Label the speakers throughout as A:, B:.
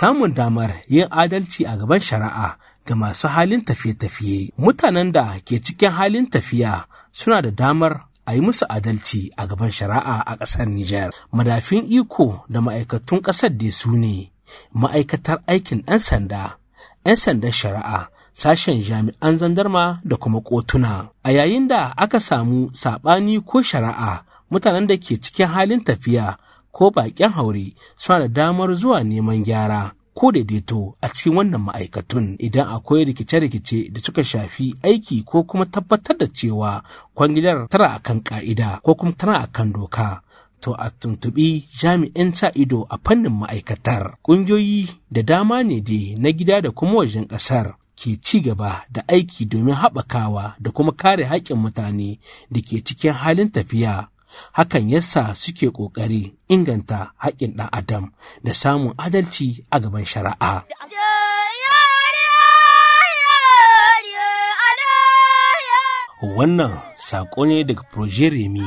A: samun damar yin adalci a gaban shari'a ga masu halin tafiye-tafiye. Mutanen da ke cikin halin tafiya suna da damar a yi musu adalci a gaban shari'a a ƙasar Nijar. Madafin iko da ma'aikatun ƙasar da su ne ma'aikatar aikin ɗan sanda, ‘yan sandan shari'a, sashen jami'an zandarma da kuma kotuna. A yayin da aka samu saɓani ko shari'a, mutanen da ke cikin halin tafiya ko baƙin haure suna da damar zuwa neman gyara ko daidaito a cikin wannan ma'aikatun idan akwai rikice-rikice da suka shafi aiki ko kuma tabbatar da cewa kwangilar tana akan ka'ida ko kuma tana akan doka to a tuntuɓi jami'in sa ido a fannin ma'aikatar ƙungiyoyi da dama ne dai na gida da kuma wajen ƙasar ke ci gaba da aiki domin haɓakawa da kuma kare haƙƙin mutane da ke cikin halin tafiya hakan yasa suke ƙoƙari inganta haƙƙin ɗan adam da samun adalci a gaban shari'a. wannan saƙo ne daga remi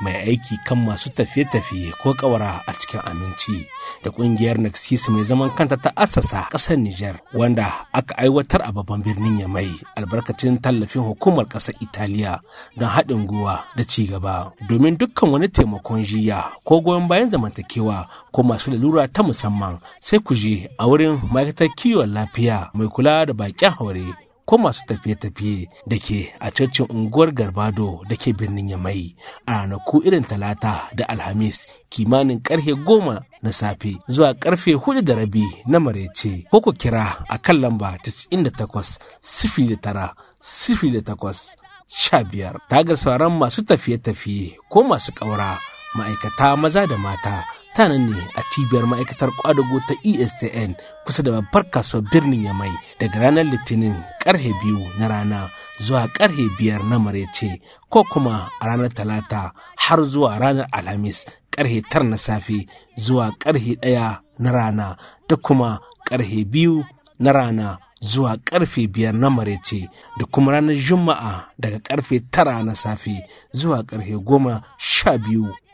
A: mai aiki kan masu tafiye-tafiye ko kawara a cikin aminci da ƙungiyar Naxis mai zaman kanta ta asasa ƙasar Nijar wanda aka aiwatar a babban birnin Yamai albarkacin tallafin hukumar ƙasar Italiya don haɗin gwiwa da ci gaba domin dukkan wani taimakon jiya ko goyon bayan zamantakewa ko masu lalura ta musamman sai ku je a wurin ma'aikatar kiwon lafiya mai kula da baƙin haure ko masu tafiye-tafiye da ke a cocin unguwar Garbado da ke birnin Yamai a ranaku irin Talata da Alhamis kimanin karfe goma na safe zuwa karfe hudu da rabi na marece ko ku kira a kan lamba 98 da tara sifili takwas sha biyar tagar sauran masu tafiye-tafiye ko masu ƙaura ma'aikata maza da mata ta nan ne a cibiyar ma'aikatar kwadago ta estn kusa da babbar kasuwar birnin yamai daga ranar litinin karhe biyu na rana zuwa karhe biyar na marece ko kuma a ranar talata har zuwa ranar alhamis karhe tar na safe zuwa karhe ɗaya na rana da kuma karhe biyu na rana zuwa karfe biyar na marece da kuma ranar juma'a daga karfe tara na safe zuwa karfe goma sha biyu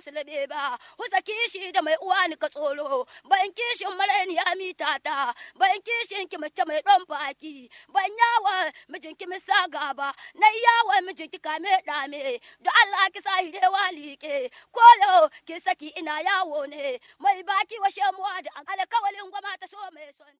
B: su labe ba huta kishi da mai uwa ni ka tsoro bayan kishin marayin ya mita ta Ban kishin ki mace mai don Ban bayan yawa mijin ki misa gaba na yawa mijin ki kame dame da Allah ki sa hire walike ko ki saki ina yawo ne mai baki washe muwa da alkawalin gwamnati so mai son